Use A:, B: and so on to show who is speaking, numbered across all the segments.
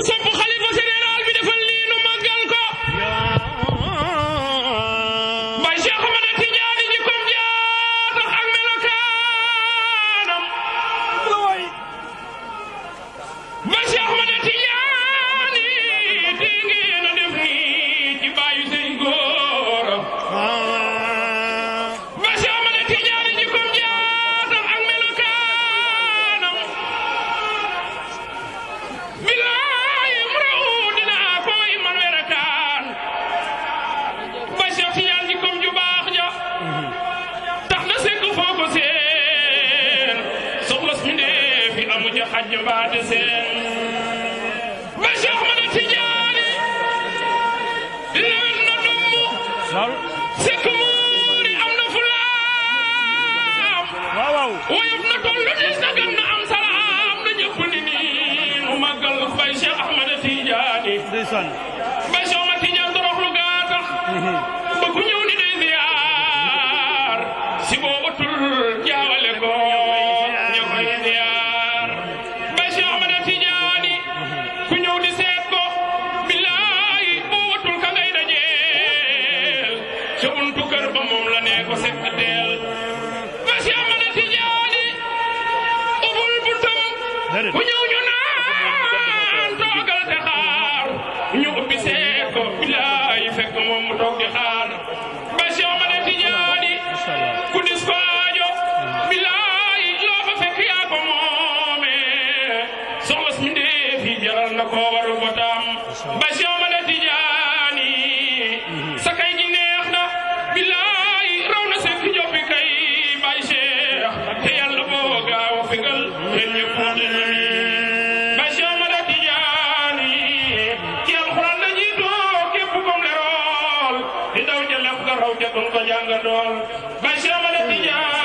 A: 一千一。raw te ko jàng dool ba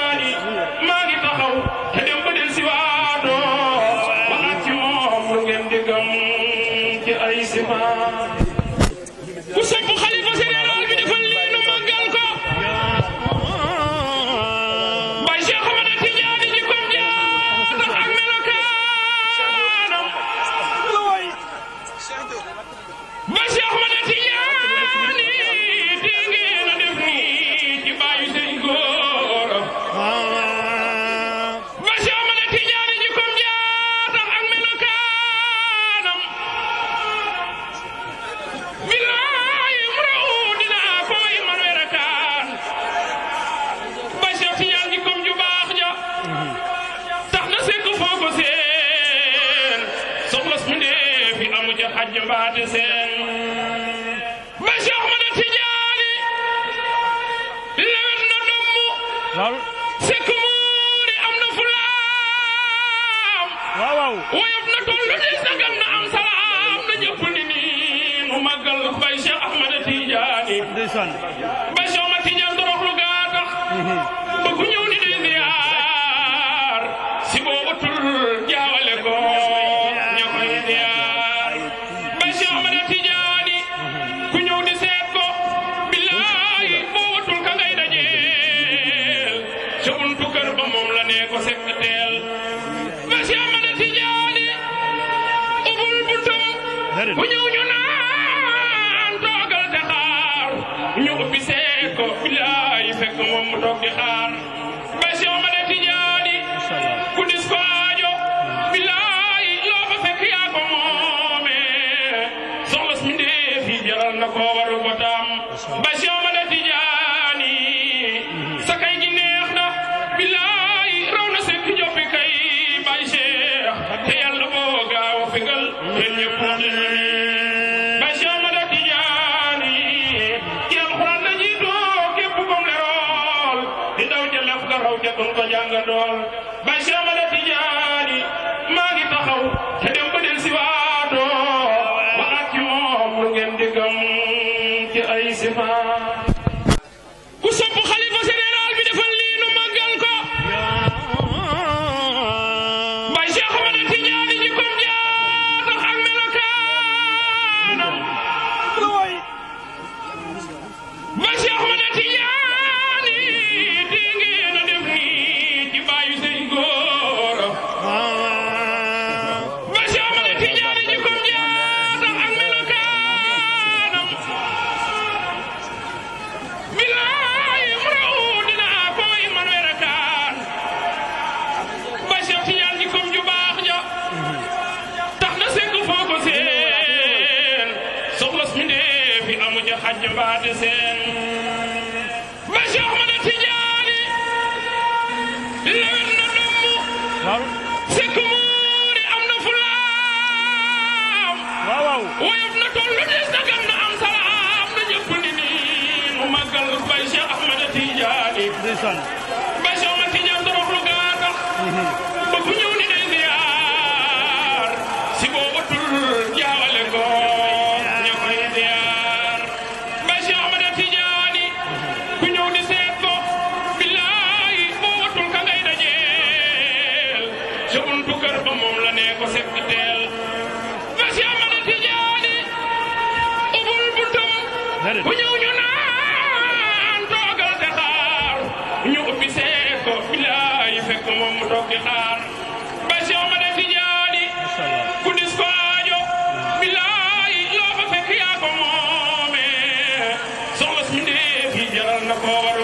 A: na koo war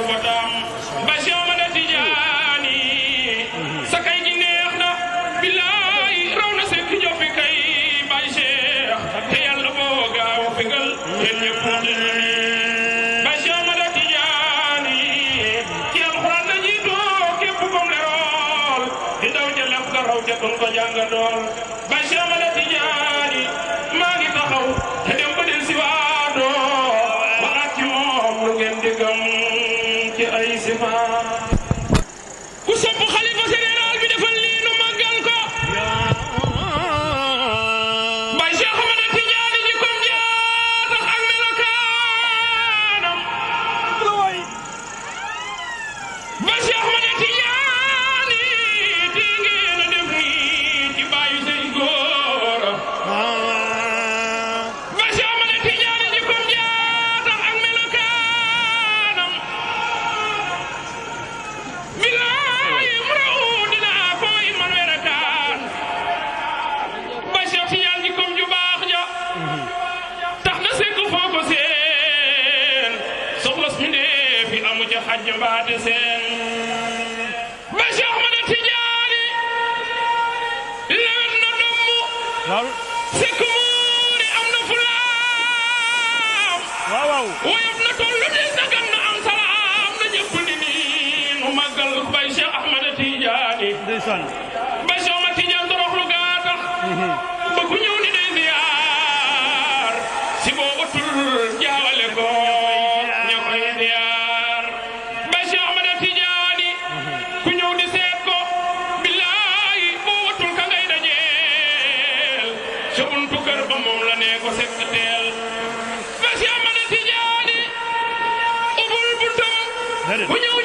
B: ku ñëw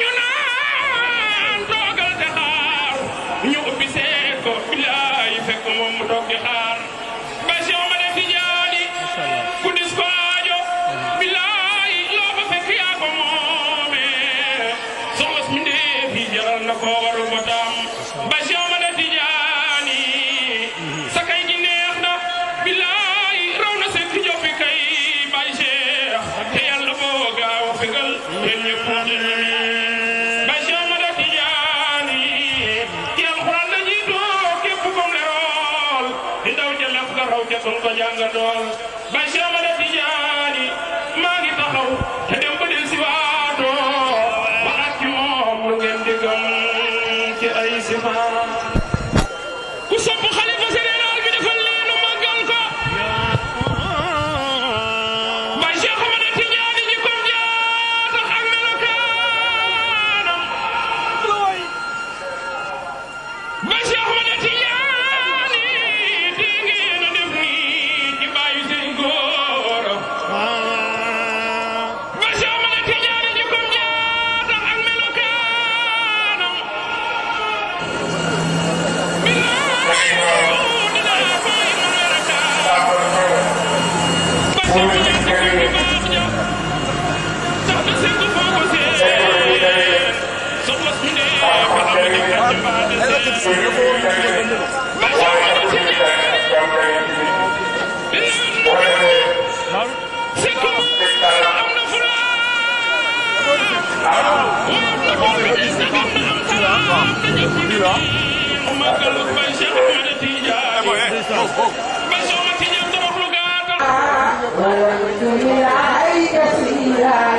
B: فيها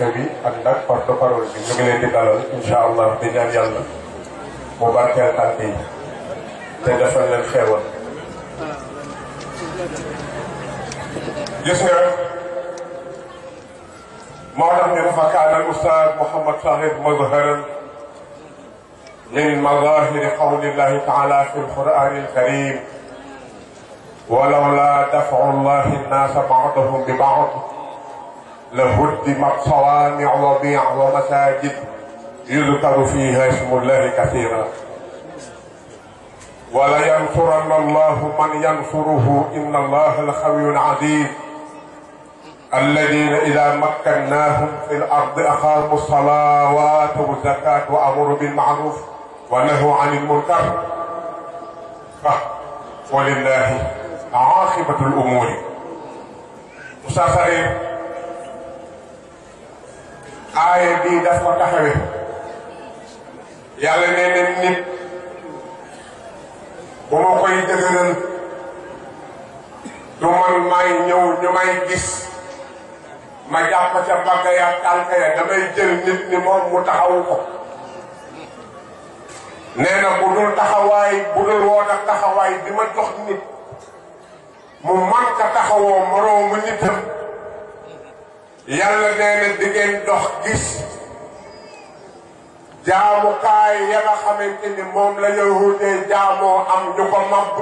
B: xalifa bi ak nag porte parole bi ñu ngi leen di dalal incha allah di ñaan yàlla mu barkeel tànk yi te defal leen xeewal gis nga moo tax ñu fa kaana al ustaad Mouhamed Sakhir mazharan min mazahiri qawlillahi taala fi alqurani alkarim wa lawla dafau llahi nnaasa baadahum bi baad لهدمت صوامع وبيع ومساجد يذكر فيها اسم الله كثيرا ولينصرن الله من ينصره إن الله الخوي العزيز الذين إذا مكناهم في الأرض أقاموا الصلاة وآتوا الزكاة وأمروا بالمعروف ونهوا عن المنكر ولله عاقبة الأمور مسافرين aaya bii daf ko taxawe yàlla nee na nit bu ma koy dëgëral du man may ñëw ñu may gis ma jàpp ca bagga ya tànk jël nit ni moom mu taxawu ko nee na bu dul taxawaay bu dul woon ak taxawaay bi ma jox nit mu man ka taxawoo moroomu nitam yàlla nee na di ngeen dox gis jaamukaay ya nga xamante ni moom la yahuudee jaamoo am ñu ko màbb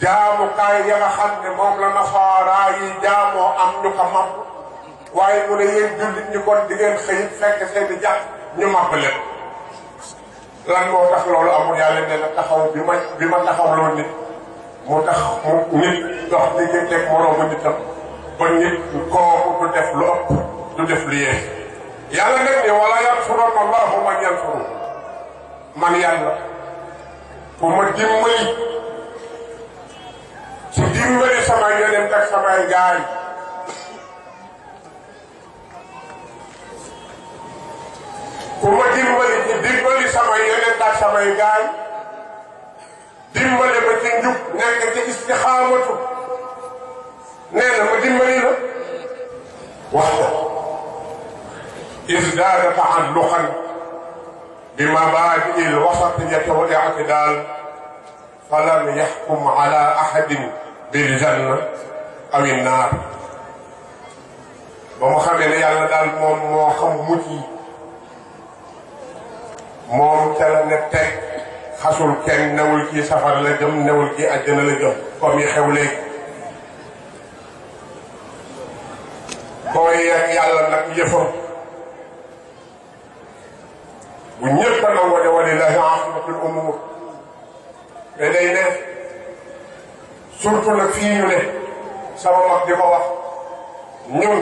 B: jaamukaay ya nga xam moom la nasaaraa jaamoo am ñu ko waaye mu ne jullit ñi kon di ngeen xëy fekk seen ñu màbb leen lan moo tax loolu amul yàlla nee na taxaw bi ma taxaw loolu nit moo tax mu nit dox diggante ak moroomu nitam ba nit kooku du def lu def lu yées yàlla nag ne wala yansuranna allahu man yansuru man ma dimbali ci dimbali sama yonent ku ma dimbali ci dimbali sama yonent ak samay gaay dimbali ba ci njub nekk ci istixaamatu nee na ma dimbali la wax ko isdaada taalluqan bi mabaadi il wasatiyati wal ictidaal falam yaxkum ala ahadin bil janna aw innaar ba mu xamee ne yàlla daal moom moo xam mucc yi la ne teg xasul kenn newul ci safar la jëm newul ci àjjana la jëm comme yi surtout nag fii ñu ne sama mag di ko wax ñun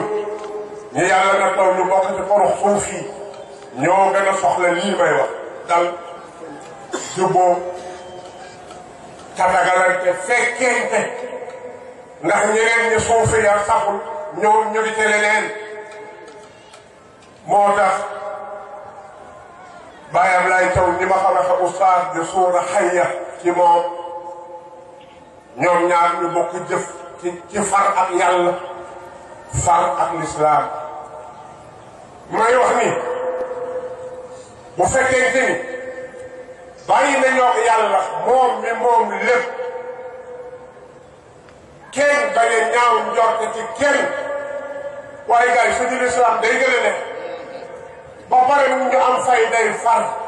B: ñu yàlla na taw ñu bokk ci porux suuf yi ñoo gën a soxla lii may wax dal jubboo tatagalante fekkente ndax ñeneen ñi suuf ya saxul ñoom ñu di tere leen moo tax bàyyam lay taw ñi ma xam a ustaas di suura xayya ci moom ñoom ñaar ñu bokk jëf ci ci far ak yàlla far ak lislaam may wax ni bu fekkente ni bàyyi na ñoo yàlla moom mi moom lépp kenn bañ a ñaaw njort ci kenn waaye gars yi su di lislaam day gën a nekk ba pare ñu am fay day far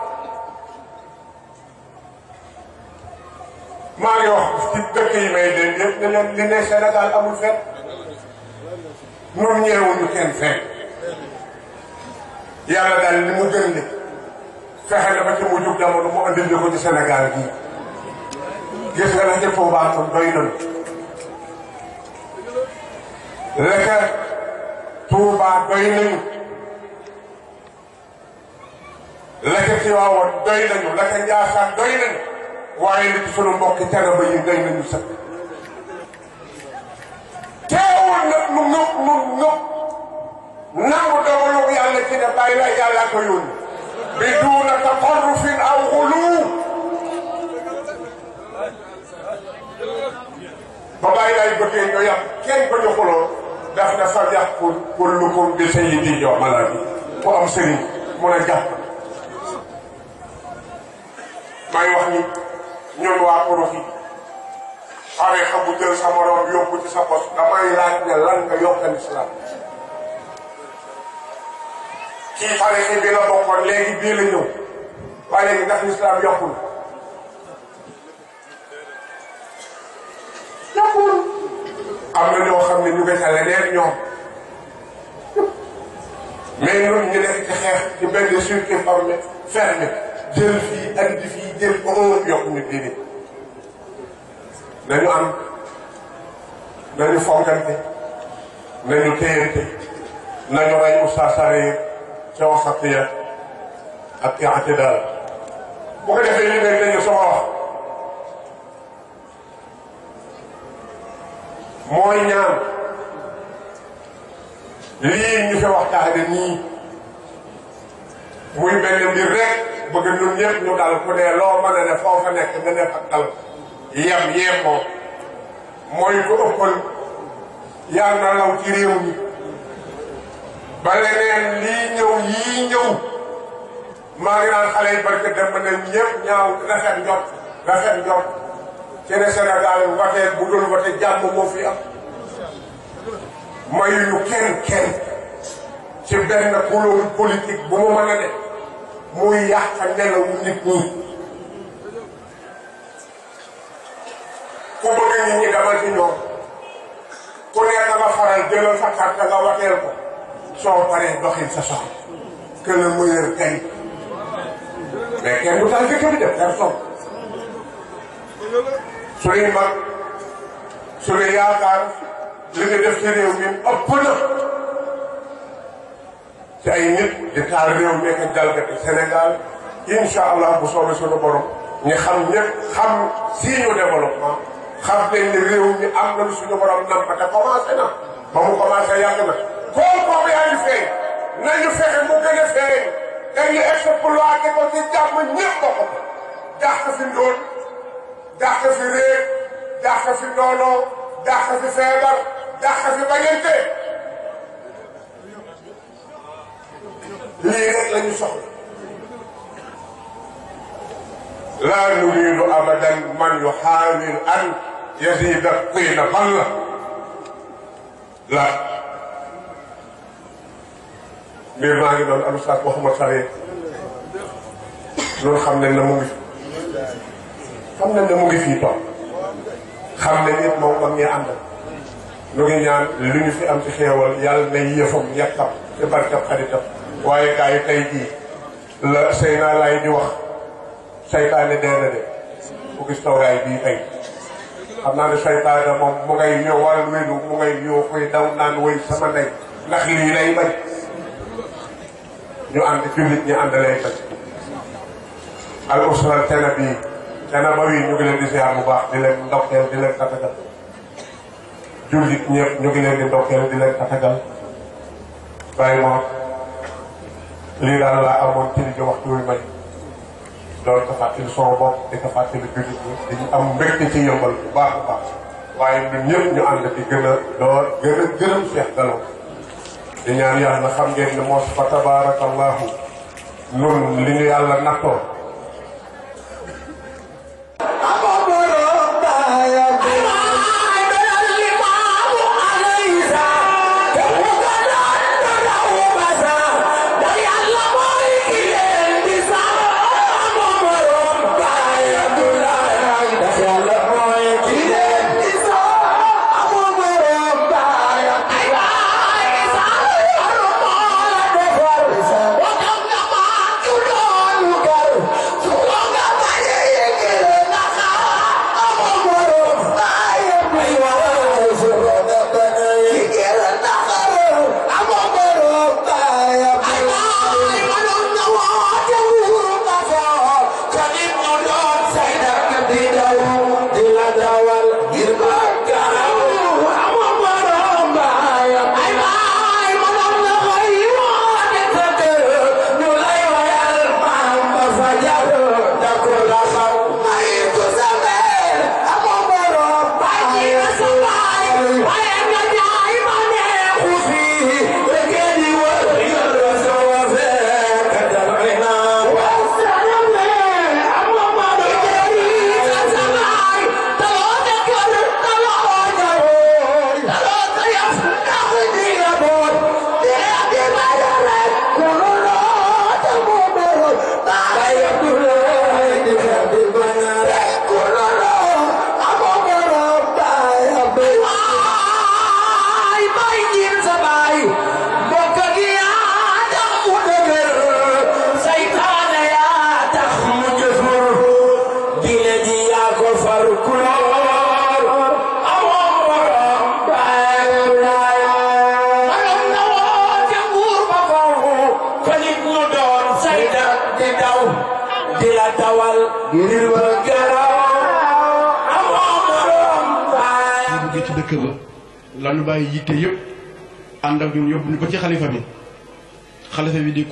B: maa ngi wax ci dëkk yi may ne leen li ne Sénégal amul fenn kenn fenn yàlla daal li mu gën ni fexe na ba ci mu mu andil ñu ko ci Sénégal gii gis nga la ca Touba moom doy nañu la ca Touba doy nañu la waaye nag sunu mbokki taraba yi day nañu sëkk teewul nag nu ñëpp nu ñëpp nangu dogalu yàlla ci ne bàyyi la yàlla ko yónni bi duuna tafarrufin aw xulu ba bàyyi lay bëggee ñu yàq kenn ba ñu xuloo daf dafa yàq pour pour lu ko bi sayi di jox mala bi ku am sëriñ mun a jàpp may wax ni ñooy waa Orof yi xare xam bu jël sa morom yóbbu ci sa bos damay laaj ne lan nga yokkal islam kii tariixa bi la bokkoon léegi bii la ñëw waaye léegi ndax lislaam yokkul yokkul am na ñoo xam ne ñu ngi ca leneen ñoom mais ñun ñu nekk ci xeex ci benn circuit fermé fermé jël fii andi fii cër boobu yokk nit diine nañu am nañu fonkante nañu téyante nañu rey ustaasare ca waxat ya ak yaate daal bu ko defee li ngay dañu mooy ñaan lii ñu fi waxtaane nii muy mel mbir rek bëgg ñun ñëpp ñu dal ku ne loo mën a ne foofa nekk nga ne fakkal yem yemoo mooy ko ëppal yàlla na law ci réew mi ba leneen lii ñëw yii ñëw maa ngi naan xale yi barke dem ne ñëpp ñaaw rafet njot rafet njot ci ne Sénégal watee bu dul wate jàmm moo fi am mayuñu kenn kenn ci benn couleur politique bu mu mën a def muy yàq nelaw nit ñi ku bëgg nit ñi dama ci ku ne dama faral jëlal sa carte nga wateel ko soo paree doxin sa soxla que le meilleur gagne kenn du taal dëkk bi def personne suñuy mag suñu yaakaar li ñu def ci mi ëpp na ci ay nit di taal mi ak jalgati Sénégal incha allah bu soobee suñu borom ñu xam ñëpp xam signe développement xam nañ ne réew mi am na lu suñu borom namp te commencé na ba mu commencé yàgg na. koo moom yaa ngi feeñ nañu fexe mu gën a feeñ dañu exploité ko ci jàmm ñëpp ko ko dàq fi ndóol dàq fi réer dàq fi noonoo dàq fi feebar dàq fi bañante. lii rek la ñu soxla laa nuriidu abadan man yuxaawir an yazida qiina man la la mais maa doon am sax waxuma saree loolu xam nañ ne mu ngi xam nañ ne mu ngi fii toog xam nañ it moom am ñee lu ngi ñaan lu ñu fi am ci xeewal yàlla na yëfam yàqam te barkab xaritam waaye gaa yi tey jii la sëy naa laay di wax saytaane dee na de ku gis tawraay bii tey xam naa ne saytaane moom mu ngay ñëw wàllu wéru mu ngay ñëw koy daw naan woy sama ndey ndax lii lay bañ ñu ànd jullit ñu ànd lay bañ al usra tena bii tena ba wii ñu ngi leen di ziar bu baax di leen ndokkeel di leen tatagal jullit ñëpp ñu ngi leen di ndokkeel di leen tatagal bàyyi moom lii daal laa amoon ci li ci wax ci wuy may loolu ko fàttali bopp di ko fàttali
C: jullit ñi di am
B: mbégte ci bu baax a baax waaye ñun ñëpp ñu ànd ci gën a door gën a gërëm di ñaan yàlla xam ngeen ne moo fa tabaarakallahu nun li ñu yàlla nattoo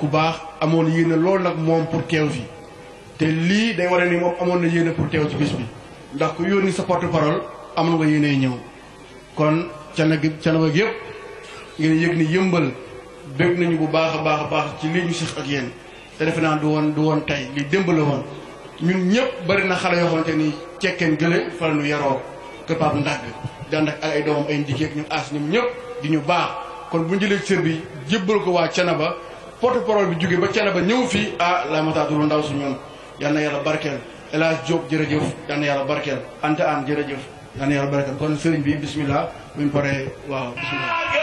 B: ku baax amoon yéene loolu nag moom pour teew fi te lii day wane ni moom amoon na yéene pour teew ci bis bi ndax ku yónni sa porte parole amoon nga yéene ñëw kon cana canaba yëpp ngeen yëg ni yëmbal bég nañu bu baax a baax a baax ci lii ñu seq ak yéen te defe naa du woon du woon tey li démb la woon ñun ñëpp bari na xale yoo xamante ni cekkeen gële fa la ñu yaroo kër Pape Ndagg daan ak ay doomam ay ndikeeg ñun aas ñoom ñëpp di ñu baax kon bu ñu jëlee cër bi jébbal ko waa canaba porte parole bi jóge ba Thiénaba ñëw fii ah la mataatul ndaw si ñun yal na yàlla barkeel El Hadj Diop jërëjëf
A: yal na yàlla barkeel Anta An jërëjëf yal na yàlla barkeel kon sëriñ bi bisimilah buñ paree waaw
D: bisimilah.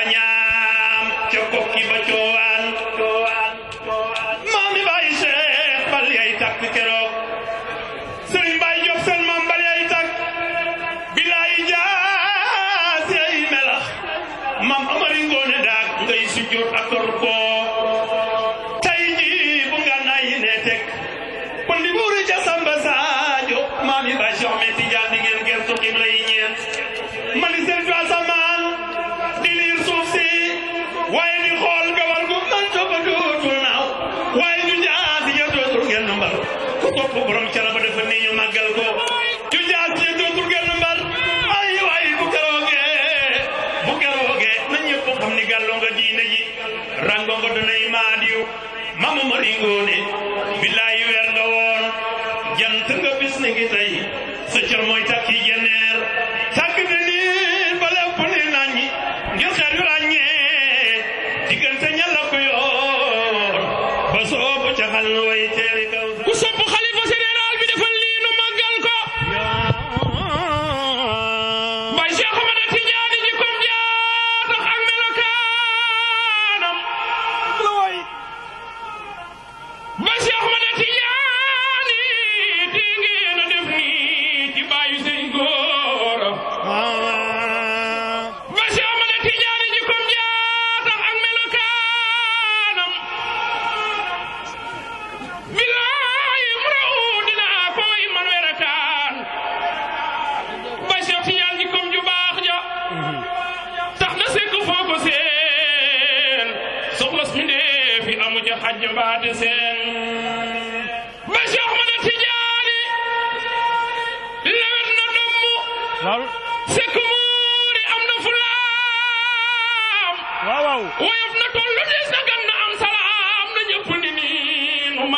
C: añaam
D: ca kokki ba coowa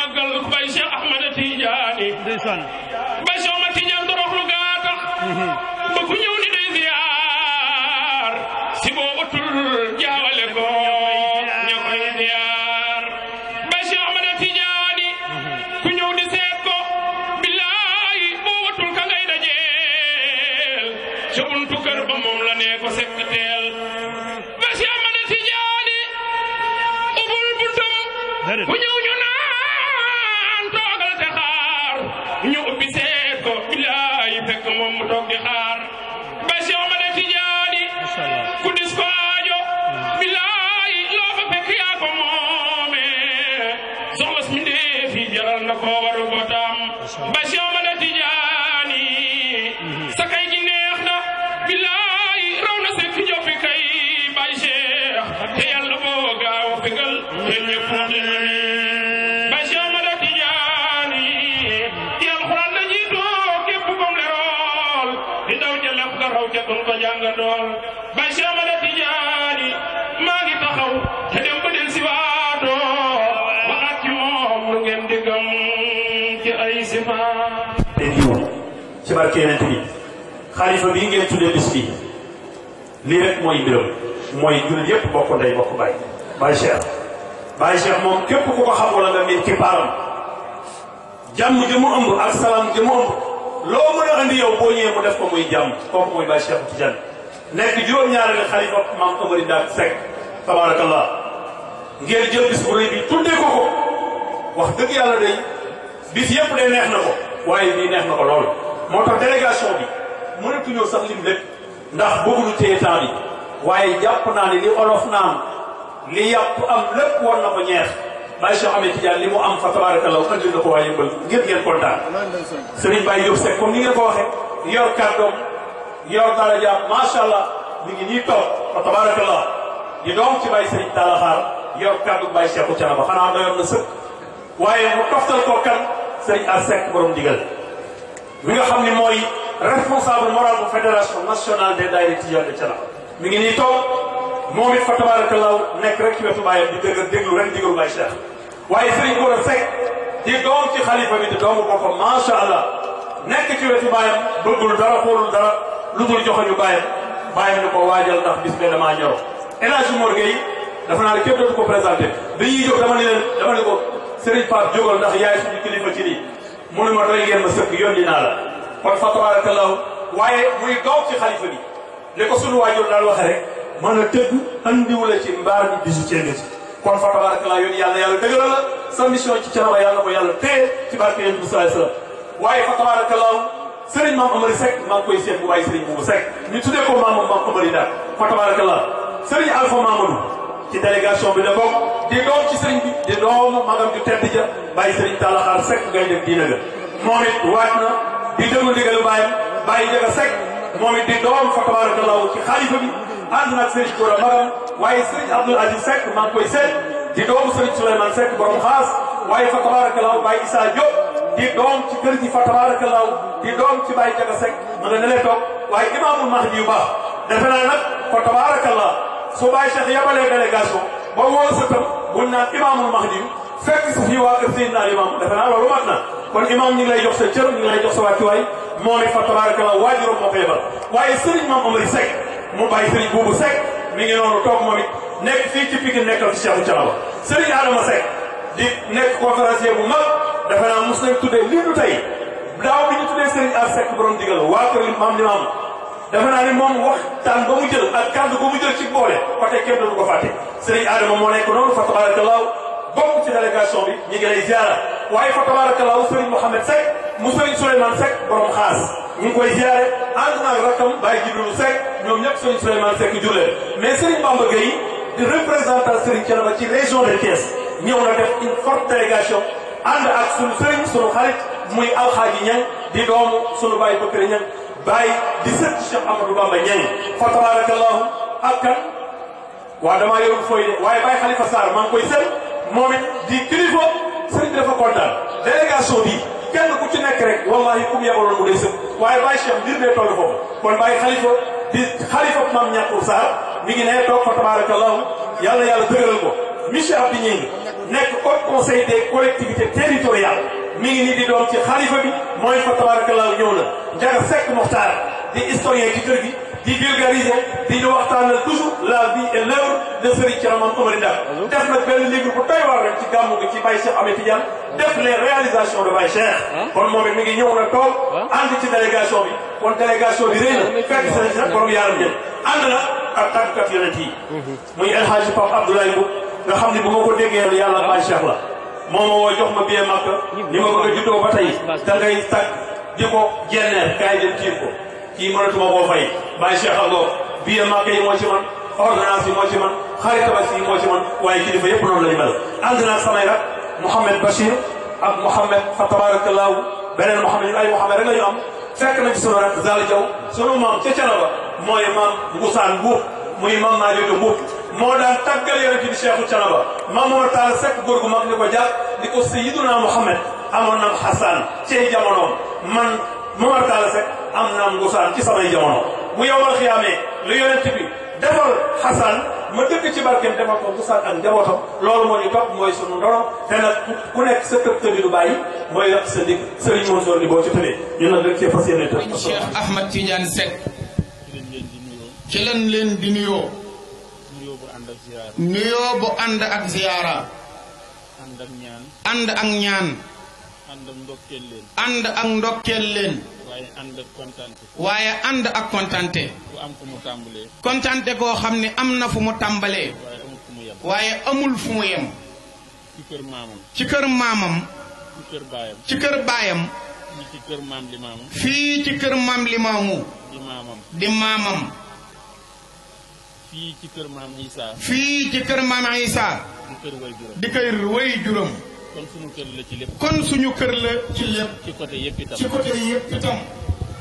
A: màggal bay Cheikh Ahmed Tidiane bay Cheikh Ahmed Tidiane doroxlu gaa tax mm-hmm.
D: tuddee bis bii lii rek mooy mbiram mooy ko nga miin ci paaram jàmm a andi yow boo ñëwee mu def ko muy jàmm kooku mooy bàyyi ngeen jël bis bu rëy bi tuddee ko ko wax dëgg yàlla day bis yëpp day neex na ko waaye bii neex na ko lool moo tax délégation bi mënatuñoo sax lim lépp ndax bëgguñu téye temps bi waaye jàpp naa ne li olof naan li yàpp am lépp war na ko ñeex Baye Cheikh Ahmed Tidiane li mu am fa tabarakallah andil na ko waa yëmbal ngir ngeen kontaan Serigne Baye Diop Seck comme ni ngeen ko waxee yor kàddoom yor darajaam macha allah mi ngi nii toog fa tabarakallah di doom ci Baye Serigne xanaa doyoon na sëkk waaye mu toftal ko kan Serigne Ar Seck borom digal mi nga xam ni mooy responsable moral bu fédération nationale des daayira Tidiane de Thiénaba mi ngi nii toog moom it fa tabaarakallaahu nekk rek ci wetu bàyyam di dëgg déglu rek ndigalu Baye Cheikh nekk ci wetu bàyyam bëggul dara xoolul dara lu dul joxoñu bàyyam bàyyam ni ko waajal ndax bis bee damaa ñoroo El Hadj dafa naa ne képp dootu ko présenté dañuy jóg dama ne leen dama ne ko Serigne Pape jógal ndax yaay suñu kilifa ci nii mu ne ma doy ma sëkk yónni naa kon fa tabarakallahu waaye muy gaaw ci xalifa bi ne ko sunu waajur daal waxe rek mën a tëgg la ci mbaar bi bisu ceeb ci kon a tabarakallahu yoon yàlla yàlla dëgëral la sa mission ci canaba yàlla ko yàlla téye ci barke yonent bi sallallahu alayhi wasallam waaye a tabarakallahu sëriñ maam Amari Seck maa ngi koy seet bu waaye sëriñ boobu Seck ñu tuddee ko maam maam Amari daal fa tabarakallahu sëriñ Alpha Mamadou ci délégation bi da bokk ci sëriñ bi di doomu magam ju tedd ja bàyyi sëriñ di déglu ndigalu bàyyam bàyyi jëga sec moom it di doom fa tabarakallahu ci xaalifa bi ànd nag sëriñ Gora magam waaye sëriñ Abdoul Aziz Seck maa ngi koy seet di doomu sëriñ Souleymane Seck borom xaas waaye fa tabarakallahu bàyyi Issa Diop di doom ci kër gi fa tabarakallahu di doom ci bàyyi jëga sec ma nga ne waaye imaamul mahdi yu defe naa nag fa tabarakallah su bàyyi Cheikh yabalee délégation ba woo sa tam naan imaamul mahdi fekk si fii waa kër Seydina Limaamu defe naa loolu mat na kon imaam ñu ngi lay jox sa cër ñu ngi lay jox sa wàccuwaay moo ne fa tabaarakalla waajuram moo ko yebal waaye sëriñ maam Amari Seck mu bàyyi sëriñ buubu Seck mi ngi noonu toog moom it nekk fii ci Pikine nekkal ci Cheikh Thiaba sëriñ Adama Seck di nekk bu mag dafa naa mos nañ tuddee lii du tey daaw bi ñu tuddee sëriñ Ar waa kër maam di maam dafa naa ni moom waxtaan ba mu jël ak kàddu ba mu jël ci boole côté kenn du ko fàtte sëriñ Adama moo nekk noonu fa tabaarakalla bokk ci délégation bi ñu ngi lay ziara waaye fa tabaarakallaahu Serigne Mouhamed Seck mu Serigne Souleymane Seck borom xaas ñu koy ziare ànd ak rakam Baye Jibril Seck ñoom ñëpp Serigne Souleymane Seck jullee mais Serigne Bamba Gueye di représentant Serigne Thiénaba ci région de Thiès ñëw na def une forte délégation ànd ak sunu Serigne sunu xarit muy alxaaji ñang di doomu sunu Baye Bakary ñang Baye di sët Cheikh Amadou Bamba ñang fa tabaarakallaahu ak waa damaa yor fooy de waaye Baye Khalifa Sarr maa ngi koy sën moom it di sëriñ bi dafa kontaan délégation bi kenn ku ci nekk rek wallahi kum yebaloon mu day sëb waaye Baye Cheikh mbir ne toll foofu kon Baye xalifa di xalifa maam ñàkkul saar mi ngi ne toog fa tabarakallahu yàlla yàlla dëgëral ko monsieur Abdi Ñing nekk haut conseil des collectivités territoriales mi ngi nii di doom ci xalifa bi mooy fa tabarakallahu ñëw na njaga sekk moxtaar di historien ci kër gi di vulgariser di ñu waxtaanal toujours la vie et l'œuvre de Serigne Thierno Mame Omar Ndao def nag benn livre bu doy waar rek ci gàmmu gi ci Baye Cheikh Ahmed Tidiane def les réalisations de Baye Cheikh kon moom mi ngi ñëw na toog ànd ci délégation bi kon délégation bi rëy na fekk sa nag borom yaaram jëm ànd na ak tàggkat yonent yi mhm. muy El Hadji Pape Abdoulaye Mboup nga xam ne bu ma ko déggee yàlla Baye Cheikh la moom moo jox ma bien màkk ni ma a juddoo ba ko jenneel kii mënatuma koo fay bàyyi Cheikh Allo biir màkk yi moo ci man ordonnance yi moo ci man xarit tabaski yi moo ci man waaye kilifa yëpp noonu lañ mel ànd naa samay rak Mouhamed Bachir ak Mouhamed fa tabarakallahu beneen Mouhamed ay Mouhamed rek la ñu am fekk na ci sunu rak Zal Diaw sunu maam ca Canaba mooy maam Ngusaan Mbuur muy maam maa jóge Mbuur moo daan tàggal yonent bi Cheikhu Canaba maam moo taal sekk góor gu ni ko jàpp ni ko Sayyiduna na Hassan ci Momar Talla Seck am na ngusaan ci samay jamono bu yowmal xiyaamee lu yonent bi defal Xasan ma ci barkeem defal ko ngusaan ak njabootam loolu moo ñu topp mooy sunu ndoro te nag ku nekk sa kër tëbi du mooy yàq sa dig sëriñ Mansoor li boo ci tëlee ñu nag rek cee fas yéene tëb Cheikh Ahmad Tidiane Seck ci lañ leen di nuyoo nuyoo
A: bu ànd ak ziyaara ànd ak ñaan ànd ak ndokkeel leen. ànd ak ndokkeel leen. waaye ànd ak kontante. waaye ànd ak kontante. ku am fu mu tàmbalee. kontante koo xam ne am na fu mu tàmbalee. waaye amul fu mu yem. ci kër maamam. ci kër ci kër baayam. ci kër fii ci kër maam li maamu. fii ci kër maam li di maamam. fii ci kër maam Isa. di kër way juróom. kon suñu kër la ci lépp. kon suñu kër la ci lépp. ci côté yëpp tam ci côté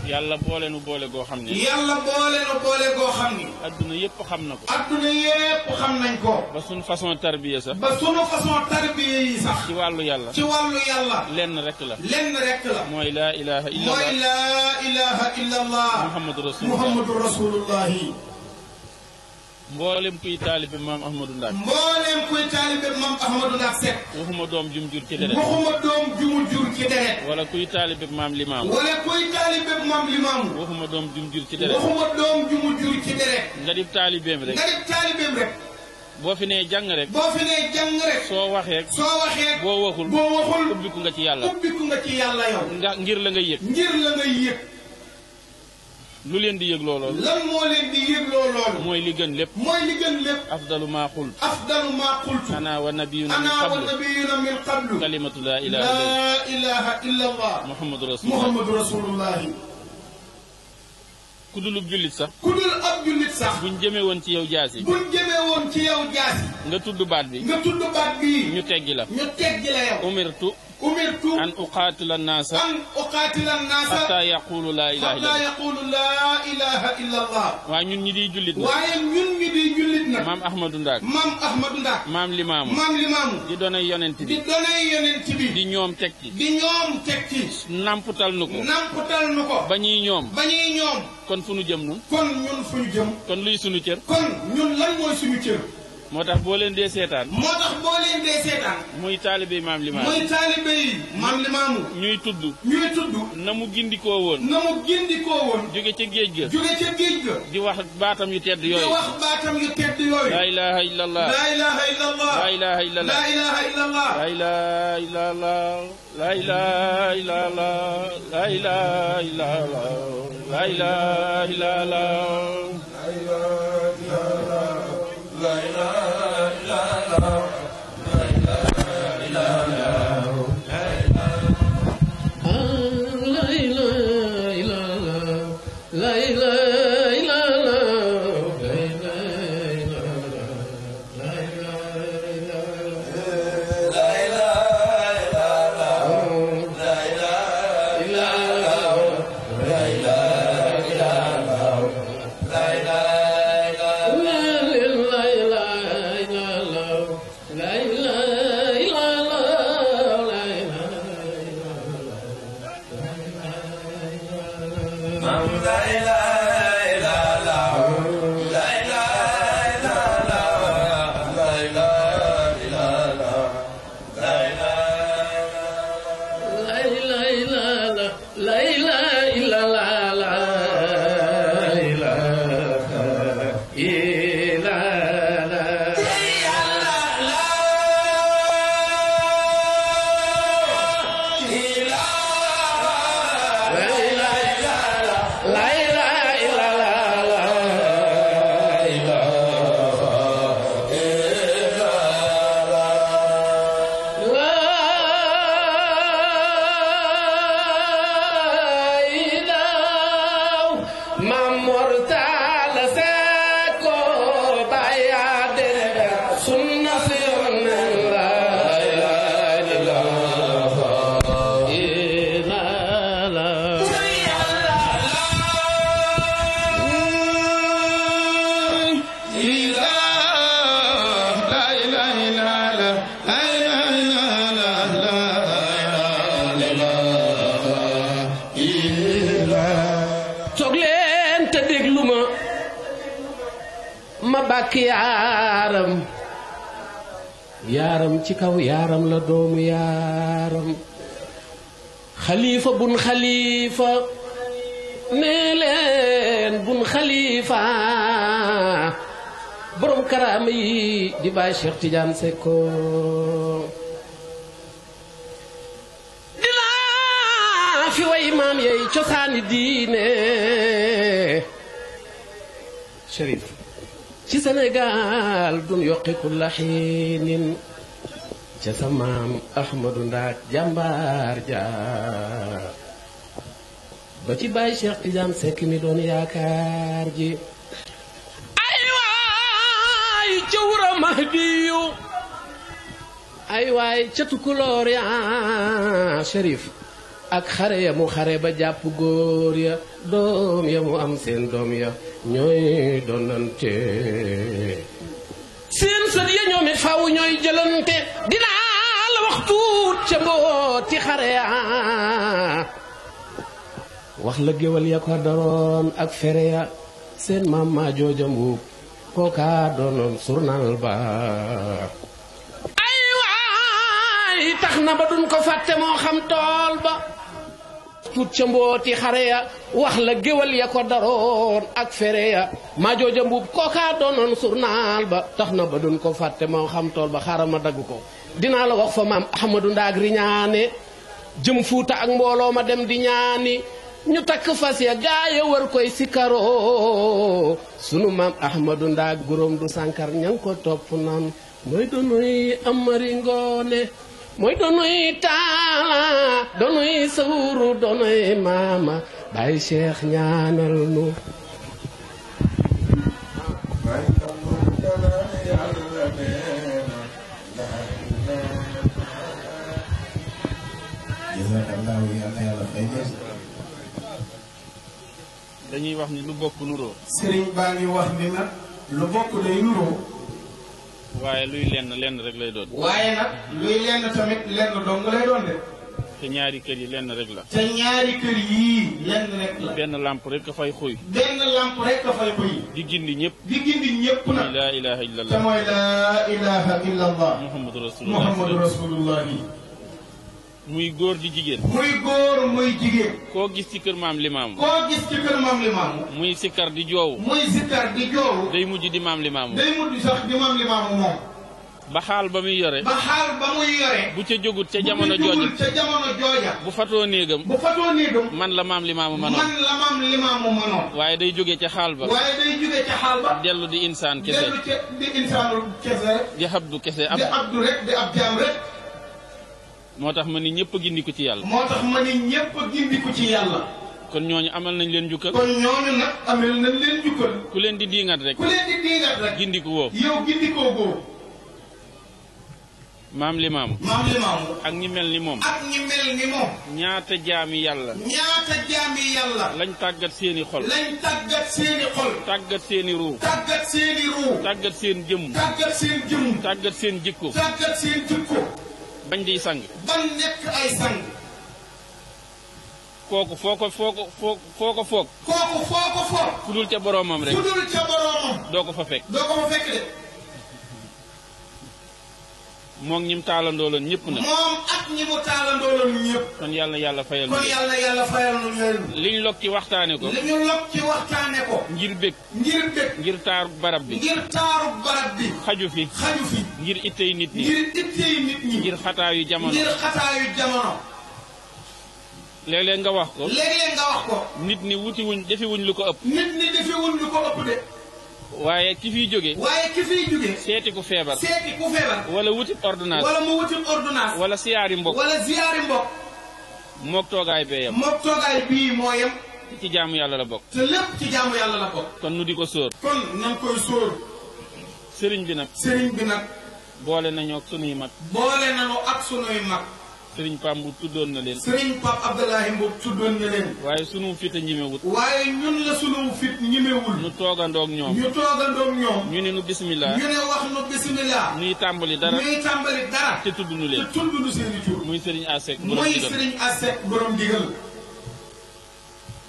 A: yàlla boole nu boole goo xam ne. yàlla boole nu boole goo xam ni. adduna yëpp xam na ko. adduna yëpp xam nañ ko. ba suñu façon tarbiya sax. ba suñu façon tarbiya yi sax. ci wàllu yàlla. ci wàllu yàlla. lenn rek la. lenn rek la. mooy laa ilaha illallah. mooy laa ilaha illallah. muhammadu rasulullah muhammadu
D: rasulullah.
A: mboolem kuy taalibe maam Ahmadou Ndack. mboolem doom jum jur ci deret. waxuma
D: doom jum jur ci deret.
A: wala doom jum jur ci deret. nga dib taalibeem rek. nga dib
D: taalibeem rek.
A: boo fi nee jàng rek. boo soo waxee. boo waxul. boo waxul ubbiku nga ci yàlla. ubbiku nga ci yàlla yow. nga ngir la nga yëg. ngir lu leen di yëgloo loolu lan moo leen di yëgloo mooy li gën lépp mooy li gën lépp afdalu maa xult afdalu maa xult ana wa nabiyuna min qablu kalimatu laa ilaha illa muhammadu rasulullah ku dul ab jullit sax ku dul ab jullit sax buñ jëmee woon ci yow jaasi buñ jëmee woon nga tudd baat bi nga tudd baat bi ñu teggi la umirtu umirtu an uqaatila naasa an uqaatila naasa hatta laa ilaha illa allah waaye ñun ñi di jullit nag waaye ñun ñi di maam ahmadou ndaak maam limaamu di doonay yonent di ñoom teg di ñoom teg ci ko namputal ko ba ñoom
D: ba ñoom
A: kon fu ñu jëm nun kon ñun fu ñu jëm kon luy sunu cër kon ñun lan mooy suñu cër moo tax boo leen dee seetaan. moo tax boo leen dee seetaan. muy taalibe maam limaamu. muy taalibe yi maam limaamu. ñuy tudd. ñuy tudd. na mu gindikoo woon. na mu gindikoo woon. jóge ca géej ga. jóge ca géej ga. di wax baatam yu tedd yooyu. di wax baatam yu tedd yooyu. laa ilaaha illallah. laa ilaaha illallah. laa ilaaha illallah. laa ilaaha illallah. laa ilaaha illallah. laa ilaaha illallah. laa ilaaha illallah. laa ilaaha
E: illallah. laa ilaaha illallah. la ilaha illallah ci kaw yaaram la doomu yaaram xalifa bun xalifa nee bun xalifa borom karaama yi di bàyyi Cheikh Tidiane Sekko dinaa fi way maam cosaani diine Chérif ci Sénégal dun yoqiku laxiinin ca sa maam ahmadu ndaat jàmbaar ja ba ci bàyyi Cheikh Tidiane Seck mi doon yaakaar ji
C: ay waay
E: ca wura mahdiyu ay waay ca tukuloor ya Cherif ak xare ya mu xare ba jàpp góor ya doom ya mu am seen doom ya ñooy donante seen sët ya ñoom it ñooy jëlante dina tuut ca mbooti xare wax la géwal ya ko daroon ak fere seen maam maa jooja mbuub kookaa doonoon surnaal ba ay waay tax na ba duñ ko fàtte moo xam tool ba tuut ca mbooti xare wax la géwal ya ko daroon ak fere ya maa jooja mbuub doonoon surnaal ba tax na ba duñ ko fàtte moo xam tool ba xaaral ma dagg ko dinaa la wax fa maam ahmadu ndaag riñaane jëm fuuta ak mbooloo ma dem di ñaani ñu takk fas ya gaaya war koy sikaro sunu maam ahmadu ndaag góróom du sànkar ña ko topp nan mooy donuy amari ngoone mooy donuy taala donuy sawru donuy maama bàyyi cheikh ñaanal nu
A: dañuy wax ni lu bokk nuroo.
D: sëriñ baa ngi wax ni nag lu bokk day nuroo.
A: waaye luy lenn lenn rek lay doon. waaye nag luy lenn tamit lenn dong lay doon de. te ñaari kër yi lenn rek la. te ñaari kër yii lenn rek la. benn làmp rek ka fay xuy. benn lamp rek ka fay xuy. di gindi ñëpp. di gindi ñëpp nag. laa ilaha illallah. muy góor di jigéen. muy góor muy jigéen. koo gis ci kër maam limaamu. koo gis ci kër maam limaamu. muy sikkar di joowu. muy sikkar di joowu. day mujj di maam limaamu. day mujj sax di maam limaamu moom. ba xaal ba muy yore. bu ca jógut ca jamono jooja. ca jamono jooja. fatoo néegam. bu fatoo néegam. man la maam limaamu mënoon. man waaye day jóge ca xaal ba. waaye day jóge ca xaal ba. dellu di insaan kese. di insaanu kese. di abdu kese ab. di abdu
D: di ab jaam rek.
A: moo tax ma ni ñëpp a gindiku ci yàlla. moo tax
D: ma ni ñëpp a gindiku ci yàlla.
A: kon ñooñu amal nañ leen jukkal. kon ñooñu
D: nag amal nañ
A: leen leen di diingat rek. ku leen di diingat rek. gindiku woo. yow
D: gindikoo boobu.
A: maam li ak ñi mel ni moom. ñaata jaami yàlla. ñaata jaami yàlla. lañ tàggat seeni xol. lañ
B: tàggat seeni
A: xol. tàggat seeni ruu. seen jëmm. tàggat seen jikko. bañ di sang. ban nekk ay sang. kooku foo ko foo ko foo foo ko foog.
D: kooku foo ko foog.
A: ku dul ca boroomam rek. ku dul
D: ca boroomam.
A: doo ko fa fekk. doo ko fa fekk de. moom ñi mu taalandoo loon moom
D: ak ñi mu taalandoo
A: loon yàlla yàlla fayal ñu. kon ñu leen. waxtaane ko. liñ log ci waxtaane ko. ngir bég. ngir bég. ngir taaru barab bi. ngir taaru barab bi. xaju fi. xaju fi. ngir nit ñi. ngir ittey nit ñi. ngir xataayu jamono. jamono. léeg nga wax ko. léeg nga wax ko. nit ñi wuti wuñ defi wuñ lu ko ëpp. waaye ki fiy jóge waaye seeti ku feebar seeti ku feebar wala wutit ordonnance wala mu wutit wala siyaari mbokk wala siyaari mbokk mook toogaay bee yam mook bii moo ci jaamu yàlla la bokk te lépp ci jaamu yàlla la bokk kon nu di ko sóor kon nan koy sóor sëriñ bi nag sëriñ bi nag boole nañoo ak sunuy mag boole nañoo ak sunuy mag Serigne pam Mboup tuddoon na leen. Serigne Pape Abdoulaye Mboup tuddoon na leen. waaye sunu fit a ñemewut.
D: waaye ñun la sunu fit ñemewul.
A: ñu toogandoog ñoom. ñu toogandoog ñoom. ñu ne nu bismillah. ñu ne wax nu bismillah. ñuy tàmbali dara. ñuy tàmbali dara. te tudd nu leen. te tudd nu seen i muy Serigne Assec borom digal muy Serigne Assec borom digal.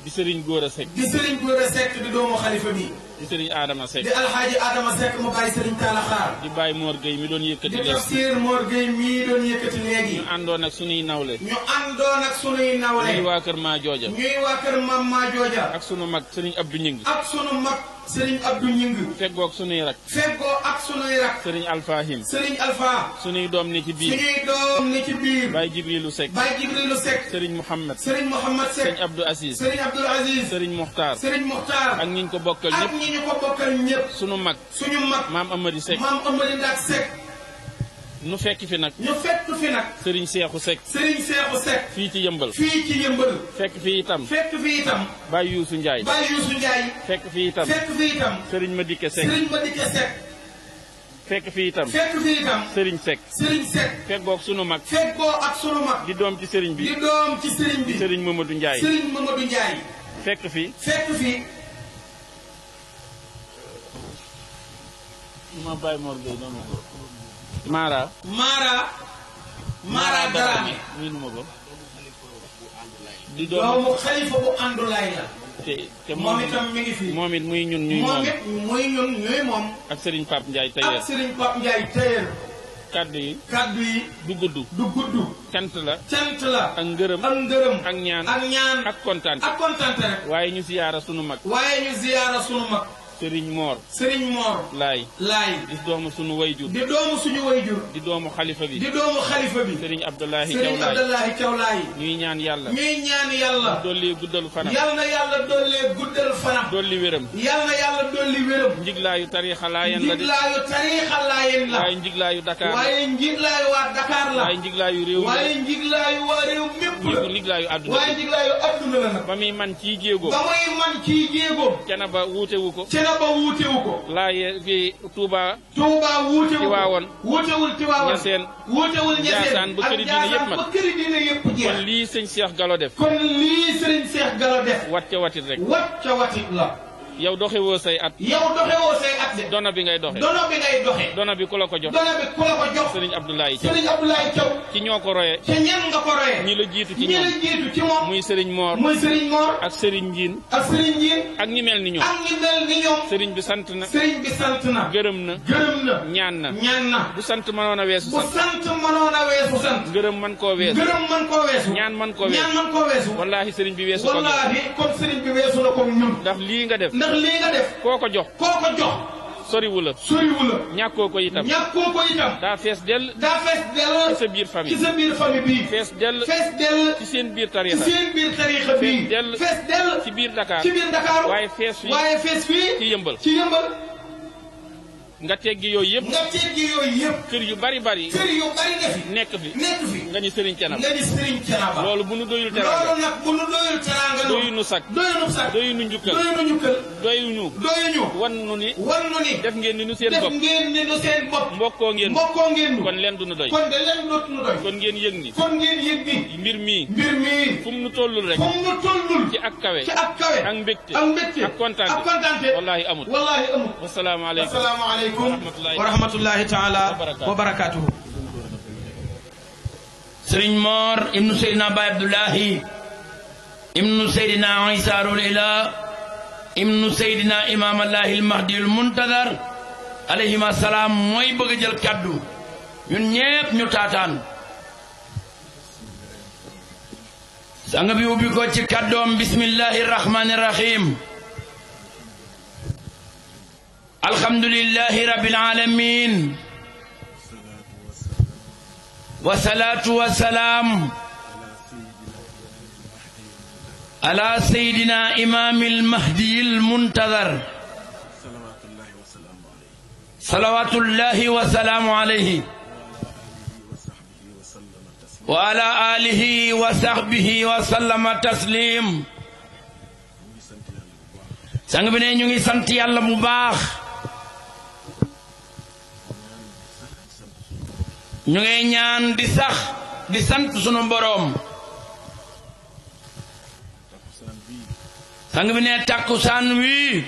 A: di Serigne Gora Seck. di di doomu xalifa bi. di sëriñ Adama Seck. di alxaaji Adama Seck mu bàyyi sëriñ Talla di bàyyi Mor Gueye mi doon yëkkati léegi. di tafsir Mor Gueye mi doon yëkkati léegi. ñu àndoon ak sunuy nawle. ñu
D: àndoon ak sunuy nawle. ñuy
A: waa kër maa jooja. ñuy waa kër maam maa jooja. ak sunu mag sëriñ Abdou Ngingue. ak sunu mag. sëriñ Abdou Ñing feggoog sunuy rak feggoo ak sunuy rak sëriñ Alpha Him sëriñ Alpha sunuy doom ni ci biir sunuy doom ni ci Jibrilu Seck sëriñ Mouhamed sëriñ Mouhamed sëriñ Abdou ak ñi ñu ko bokkal ñëpp sunu mag suñu mag maam Amady Seck maam
C: Amady Ndak Seck
A: nu fekk fi nag. ñu fekk fi sëriñ seexu Cheikhou Seck. Serigne fii ci yëmbal. fii ci yëmbal. fekk fi itam. fekk fi itam. Baye Youssou Ndiaye. Baye Youssou Ndiaye. fekk fi itam. fekk fi itam. Serigne Madické Seck. Serigne fekk fi itam. fekk fi ak sunu mag. feggoo ak sunu mag. di doom ci sëriñ bi. di doom ci Serigne bi. Serigne Mamadou Ndiaye. Serigne Mamadou Ndiaye. fekk fi. fekk fi. ma bàyyi Mara. Mara. Mara Dramé. muy nu ma ko. di doomu xalifa bu àndulaay la. te te moom itam mi ngi fi. moom it muy ñun ñuy moom ak Serigne Pape Ndiaye Tayer. ak Serigne Pape Ndiaye Tayer. kaddu yi. kaddu yi. du gudd. cant la. cant la. ak ngërëm. ak ngërëm. ak ñaan. ak ñaan ak kontaan. waaye ñu ziyaara sunu mag. waaye ñu ziyaara sunu mag. Sëriñ Moor. Sëriñ Moor. Laay. Laay. di doomu suñu wayjur. di doomu suñu wayjur. di doomu xalifa bi. di doomu xalifa Sëriñ Abdoulahi Thiaw ñuy ñaan yàlla. ñuy ñaan yàlla. dolli guddal fanam. yal na yàlla dolli guddal fanam. dolli wéram. yal na yàlla dolli wéram. njiglaayu tariixa laayeen la de. njiglaayu tariixa laayeen la. waaye njiglaayu Dakar. waaye njiglaayu waa Dakar la. waaye njiglaayu réew mi Thiénaba wuutewu ko. Laaye bi Touba. Touba wuutewu ko Tiwaawoon. wuutewul Tiwaawoon Ñaseen. wuutewul Ñaseen Njaasaan ba këri këri diine yëpp jeex. kon lii sëñ Cheikh Gallo def. kon lii sëñ Cheikh def. wat ca watit rek. wat ca watit la. yow doxewoo say at. yow at de. dona bi ngay doxe dona bi ngay bi ku la ko jox. dona bi ku la ko jox. ci ñoo ko royee. te ñan nga ko royee. la jiitu ci ñoom ñi la jiitu ci moom. muy Serigne Mor muy Serigne Mor. ak Serigne Ndiine. ak Serigne mel ni ñoom. ak ñi mel bi sant na. Serigne bi sant na. gërëm na. gërëm na ñaan na. ñaan na bu sant mënoon a weesu. sant bu a weesu gërëm man koo weesu. gërëm man koo ñaan man ko weesu. ñaan man koo wallaahi Serigne bi weesu ko. wallaahi comme ko ñun. ndax lii nga def ndax ko jox koo ko jox. soriwu la daa fees dell. ci sa biir ci sa biir bii. fees dell fees dell. ci seen biir tariixa
D: biir tariixa bii.
A: fees dell fees waaye fees fii ci yëmbal nga teggi yooyu yëpp nga teggi yooyu yëpp kër yu bari bari kër nekk fi nekk fi nga ni sëriñ canaba nga ni sëriñ canaba loolu bu nu doyul teraanga loolu nag bu nu doyul teraanga doyu nu sag doyu nu sag doyu nu njukkal doyu nu njukkal doyu nu doyu ni wan ni def ngeen ni nu seen bopp def ngeen seen bopp mbokkoo ngeen mbokkoo ngeen kon du nu kon de nu
D: doy kon
A: ngeen yëg ni kon ngeen yëg ni mbir mii mbir nu tollul rek fu mu nu tollul ci ak kawe ak kawe ak mbégte ak mbégte ak kontaante ak kontaante wallaahi amut wallaahi amut aleykum wa rahmatullahi taala wa barakatuhu sëriñ moor ibnu seydina baay abdullahi ibnu seydina isaarul ila ibnu seydina imaamallaahi almahdiyul muntadar alayhima salaam mooy bëgg a jël kàddu ñun ñépp ñu taataan sanga bi ubbi ko ci kàddoom bismillahi rahmaani rahim alhamdulillahi rabbil alamin wasalaatu wasalaam ala sayyidina imaamil mahdiyil muntazar salawaatullahi wa salaamu alayhi wa ala alihi wa sahbihi wa sallama taslim sang bi ne ñu ngi sant yàlla bu baax ñu ngay ñaan di sax di sant sunu mboroom sang bi ne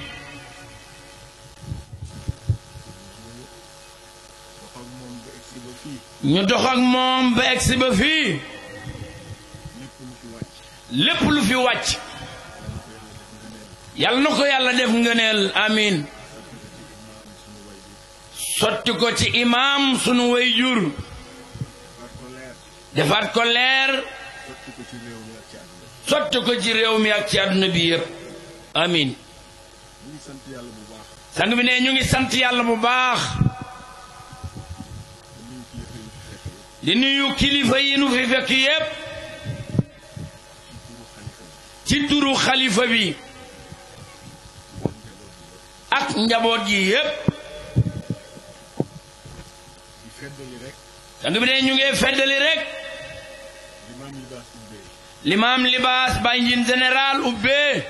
A: ñu dox ak moom ba egsi ba fii lépp lu fi wàcc yàlla na ko yàlla def ngëneel amiin sotti ko ci imaam sunu way defaat ko leer sotti ko ci réew mi ak ci àdduna bi yëpp amin sang bi ne ñu ngi sant yàlla bu baax di nuyu kilifa yi nu fi fekk yépp ci turu xalifa bi ak njaboot yi yépp sang bi ne ñu ngi feddali rek limaam libaas bànjin général ubbee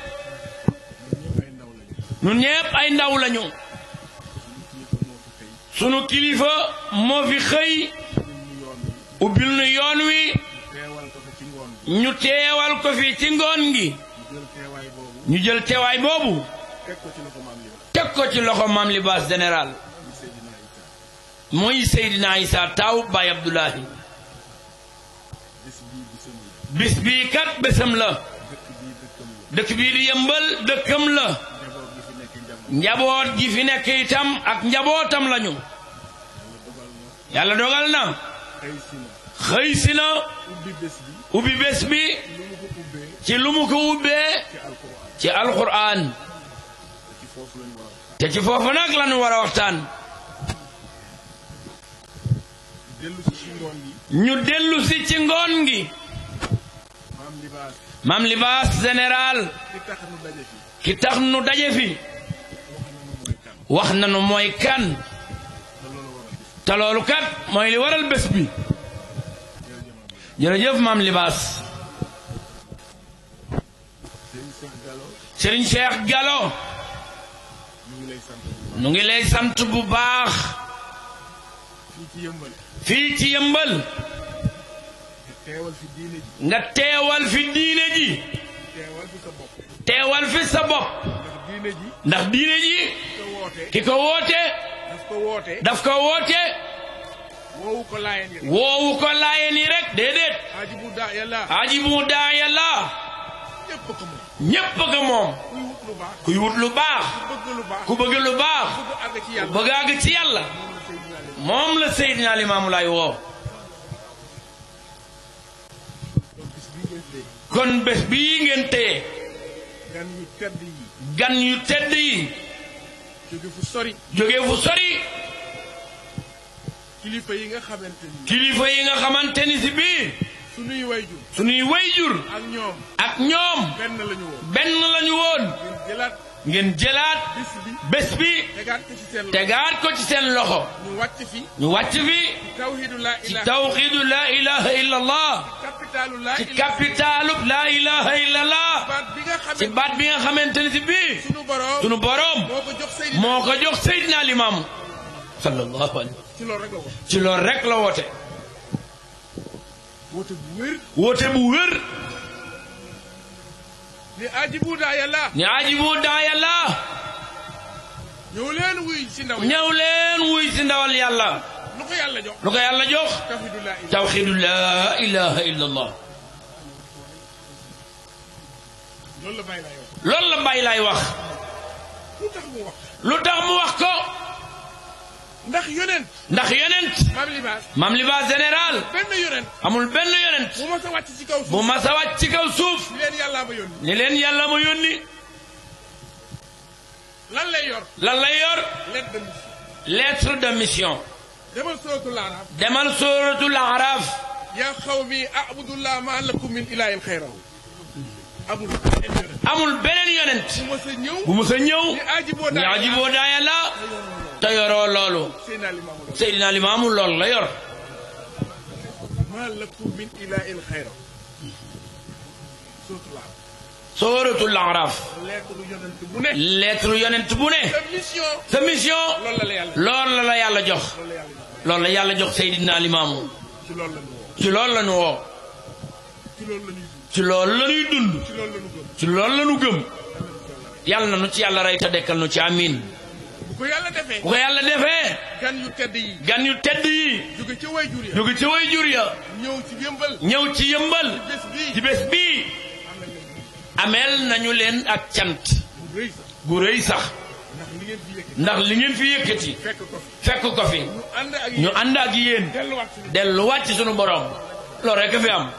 A: ay ndaw lañu sunu kilifa moo fi xëy ubbil nu yoon wi ñu teewal ko fi ci ngoon gi ñu jël teewaay boobu teg ko ci loxo maam libaas général mooy Seydina Isa taaw Baay Abdullahi bis bii kat bésam la dëkk bii di yëmbal dëkkam la njaboot gi fi nekk itam ak njabootam lañu yàlla dogal na xëy si
B: ubbi bés bi
A: ci lu ko ubbee ci alxuraan te ci foofu nag lañu war waxtaan ñu dellu ci ngoon gi maam libaas général ki tax nu daje fi wax nanu mooy kan te loolu kat mooy li waral bés bi jërëjëf maam libaas sëriñ Cheikh Gallo nu ngi lay sant bu baax fii ci yëmbal
C: teewal fi diine
A: nga teewal fi diine ji. teewal fi sa bopp. ndax diine ji. ki ko woote.
B: daf ko woote.
A: daf ko woote. woowu ko laayeen rek. woowu ko laayeen ajibu daa yàlla. ajibu ko moom. ñëpp ko lu baax.
B: ku bëgg lu baax. ku ci
A: yàlla. moom la Seydina Limaamu Laay woo. kon bés bi ngeen téye gan yu tedd yi gan yu tedd yi jóge fu sori
B: kilifa yi nga xamante ni kilifa yi nga xamante ni si bii suñuy wayjur
A: suñuy ak ñoom lañu woon benn lañu woon ngeen jëlaat bés bi tegaat ko ci seen loxo ñu wàcc fi ci tawxiidu laa ilaha illa allah ci capitaalub laa ilaha illa allah baat bi nga xamante ne si bii sunu boroom moo ko jox Seydina Limaamu sallallahu alayhi ci loolu rek la bu wér ajibu daayallah
C: ni ajibu daayallah
A: ñëw leen wuy si ndaw ñëw leen wuy si ndawal yàlla yàlla jox lu yàlla jox tawxidu wax lu tax mu wax ndax yonent ndax yonent maam libaas maam libaas amul benn yonent ci kaw suuf ci kaw suuf ni yàlla ma ni leen yàlla ma yónni lan lay yor lan lay yor de mission demal sóoratul araaf demal sóoratul araaf yaa xawmi abudullah lakum min ilaahin xayrahu amul beneen yonent amul bu mas a ñëw bu mas la te yoroo loolu Seydina la yor sooratul Araf lettre yonent bu ne sa mission la yàlla jox la yàlla jox Seydina Limaamu ci loolu la ñu woo ci loolu la ñuy dund ci la yàlla na nu ci yàlla rey te dekkal nu ci amin ko yàlla defee. ku ko yàlla defee. gan yu tedd yi. gan yu tedd yi. jóge
B: ca way jur ya. jóge ca way
A: ci
B: yëmbal. ñëw bi yëmbal. ci bés
A: bii ameel nañu leen ak cant. gu rëy sax. ndax li ngeen fi yëkkati. fekk ko fi. ñu ànd ak yéen. delluwaat ci sunu borom. loolu rek fi am.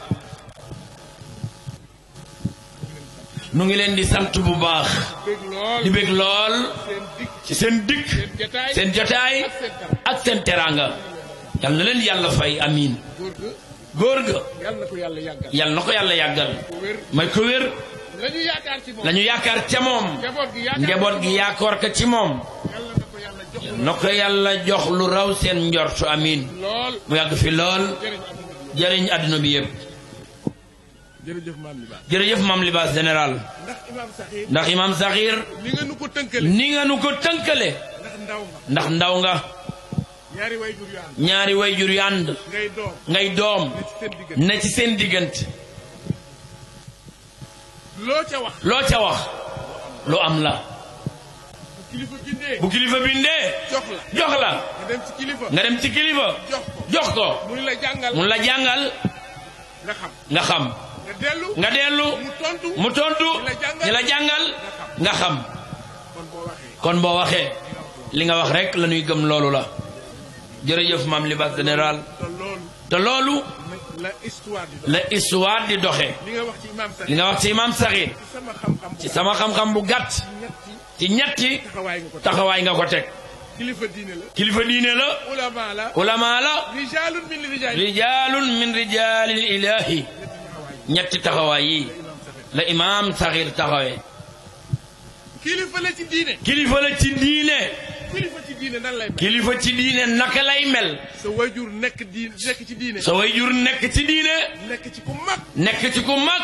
A: nu ngi leen di sant bu baax
C: di bég lool
A: ci seen dikk seen jotaay ak seen teraanga yal na leen yàlla fay amiin góor ga yal na ko yàlla yàggal may ko wér la yaakaar ca moom njaboot gi yaakaar ka ci moom na ko yàlla jox lu raw seen njortu amiin mu yàgg fi lool jariñ àdduna bi yëpp jërëjëf maam libaas jërëjëf maam libaas général ndax imaam saxiir ni nga nu ko tënkale ni ko tënkale ndax ndaw nga ñaari way jur yu ànd ngay doom na ci seen diggante loo ca wax lu am la bu kilifa bindee jox la nga dem ci kilifa jox ko mun la jàngal nga xam nga dellu mu tontu ñi la jàngal nga xam kon boo waxee li nga wax rek la ñuy gëm loolu la jërëjëf maam libaas général te loolu
C: la histoire di doxe li nga wax ci imaam saxiir
A: ci sama xam-xam bu gàtt ci ñetti taxawaay nga ko teg kilifa diine la ulama la rijaalun min rijaali ñetti taxawaay yi la imaam saxiir taxawee. kilifa la ci diine. kilifa ci diine. lay mel. kilifa ci diine naka lay mel. sa wayjur nekk ci diine. nekk ci diine. nekk ku mag. nekk ci ku mag.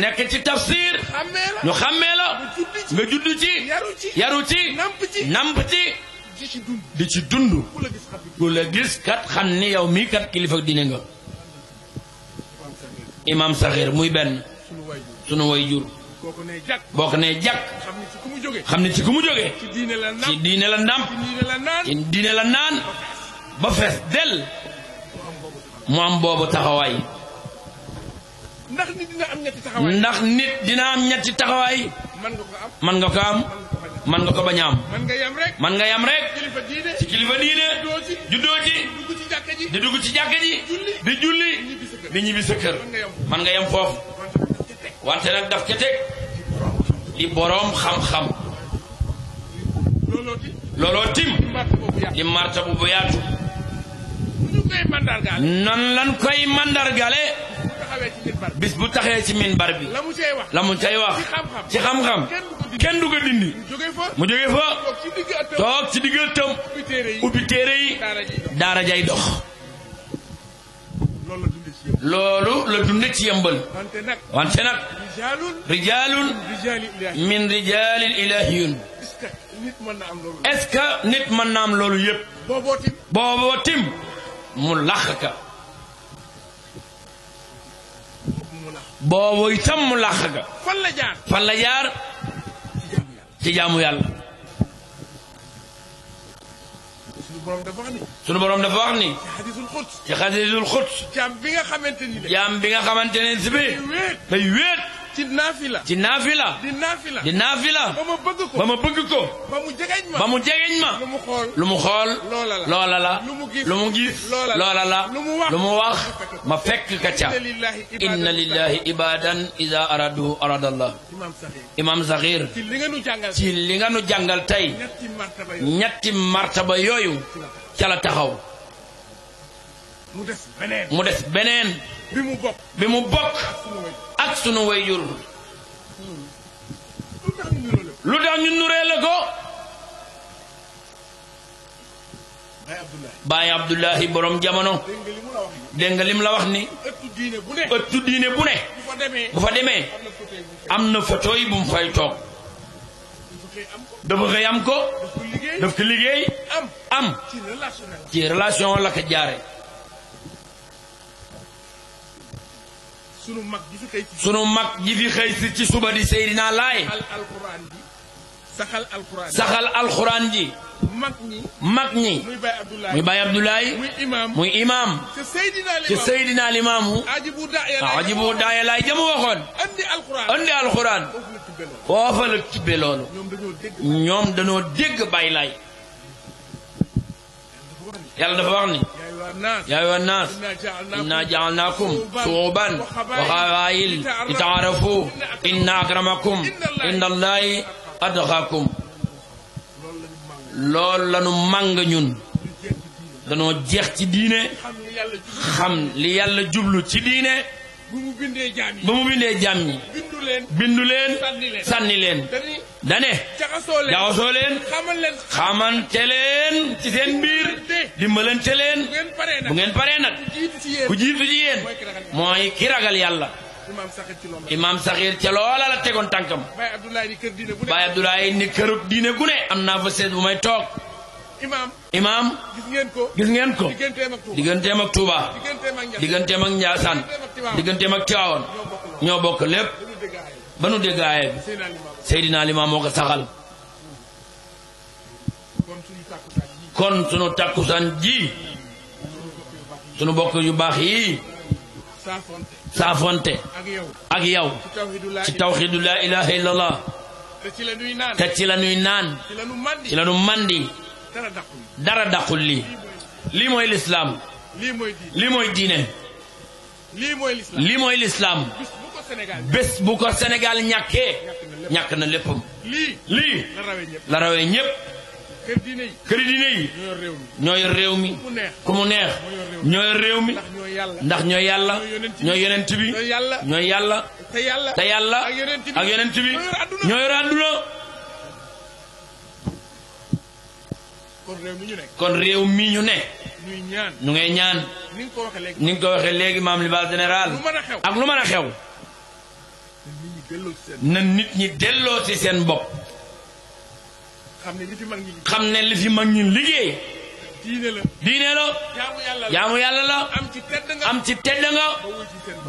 A: nekk la nga judd ci yaru ci namp ci namp ci. di ci dund. ku la gis kat xam ni yow mii kat kilifa diine nga. imaam saxiir muy benn sunu way jur boo ko nee xam ne ci ku mu jógee ci diine la ndàmp ci diine la naan ba fees del mu am boobu taxawaay ndax nit dina am ñetti taxawaay man nga ko am man nga ko bañ a am man nga yam rek man nga yam rek ci kilifa diine juddoo ci di dugg ci jàkka ji di julli di ñibbi sa man nga yam foofu wante nag daf ca teg li boroom xam-xam looloo tim li marta bu bu yaatu non lan koy mandargale bis bu taxee ci minbar bi la mu cay wax ci xam-xam kenn du ko dindi mu jóge fa toog ci digg ëttam ubbi téere yi daara dox loolu la dunde ci yëmbal wante nag rijaalun min rijaalil ilaahiyun est-ce que nit mën na am loolu yépp booboo tim mu làq ka booboo itam mu làq ka fan la jaar ci jaamu yàlla sunu borom dafa wax ni ci xadiisul xuds jaam bi nga xamante ni si bi day wéet ci naafila di naafila ba ma bëgg ko ba mu jegeñ ma lu mu xool lu lu mu gis loola lu mu wax ma fekk ka ca inna lillahi ibadan ida aradu aradallah imam Saxiir ci li nga nu jàngal tey ñetti martaba yooyu ca taxaw
C: mu
A: des beneen bi mu bokk bi mu bokk ak sunu wayjur lu tax ñu nuree la ko baay Abdullahi borom jamono dégg nga lim la wax ni ëttu diine bu ne bu fa demee am na photo yi bu mu fay toog dafa xëy am ko daf ko liggéey am ci relation la ko jaare sunu mag ji fi xëy ci suba di Seydina Laay. saxal alxuraan ji. saxal ñi. mag ñi. muy Baye Abdoulaye. muy imaam. muy imaam. Limaamu. ajibu daaya laay ajibu daaya alxuraan. andi alxuraan. ñoom dañoo dégg Baye Laay. yàlla dafa wax ni. يا أيها الناس إنا جعلناكم شعوبا وقبائل لتعارفوا إن أكرمكم عند الله أتقاكم loolu la nu màng ñun danoo jeex ci diine xam li yàlla jublu ci diine ba mu bindee jaam bindu leen sànni leen dane jaxasoo leen xamante leen ci seen biir dimbalante leen bu ngeen paree nag ku jiitu ci yéen mooy ki ragal yàlla imaam saxiir ca loola la tegoon tànkam baay abdoulaye ni këru diine gu am naa fa seet bu may toog imaam gis ngeen ko digganteem ak tuuba digganteem ak ak tiwaawoon ñoo bokk lépp ba nu dégg aaye Seydina Limaam moo ko saxal kon sunu takkusaan ji sunu bokk yu baax yii saafonte ak ci tawxiidu laa ilaha illallah te ci la nuy naan ci la nu mandi dara daqul lii lii mooy lislaam lii mooy diine lii mooy lislaam bés ñàkk na léppam. lii lii la rawee ñëpp. kër diine yi kër diine yi réew mi ku mu neex ñoo yor réew mi ndax ñooy yàlla ñooy yonent ñooy yàlla te yàlla ak yonent bi ñoo yor àdduna kon réew mi ñu ne ñu ngay ñaan ni nga ko waxee léegi maam libaas général ak lu mën a xew na nit ñi delloo ci seen bopp xam ne li fi mag ñi liggéey diine la jaamu yàlla la am ci tedd nga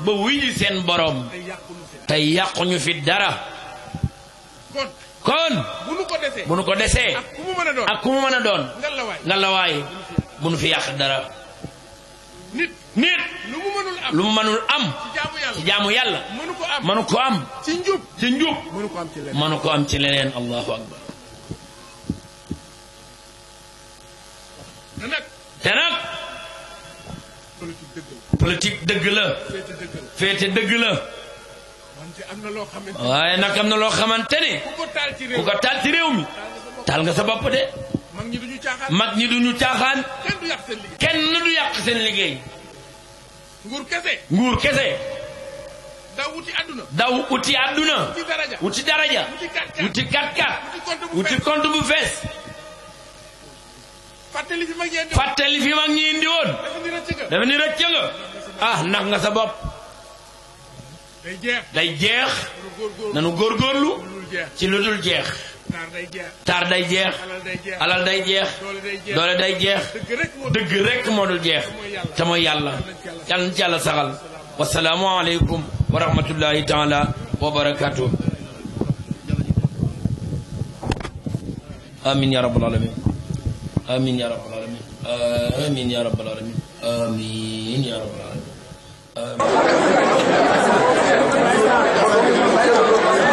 A: ba wuy di seen boroom te yàquñu fi dara kon bu nu ko desee ak ku mu mën a doon ngalla waay bu nu fi yàq dara nit nit lu mu mënul am lu ci jaamu yàlla mënu ko am ko am. ci njub ci njub. ko am ci leneen am ci leneen allahu akbar. te nag. te dëgg la. féete dëgg la. waaye nag am na loo xamante ne. ku ko taal ci réew mi taal nga sa de. mag ñi duñu caaxaan mag ñi duñu caaxaan. kenn du yàq seen liggéey kenn du yàq seen liggéey. nguur kese. nguur kese. daw uti àdduna. daw uti àdduna. uti daraja uti kat kat uti compte bu fees. fàttali fi mag ñi indi woon fàttali fi mag ñi indi nga. ah nax nga sa bopp. day jeex day jeex. nanu góorgóorlu ci lu dul jeex. taar day jeex
C: alal day jeex doole day jeex dëgg rekk moo dul jeex
A: te mooy yàlla yàlla na ci yàlla saxal wasalaamu taala wa amin ya alamin amin ya alamin amin ya alamin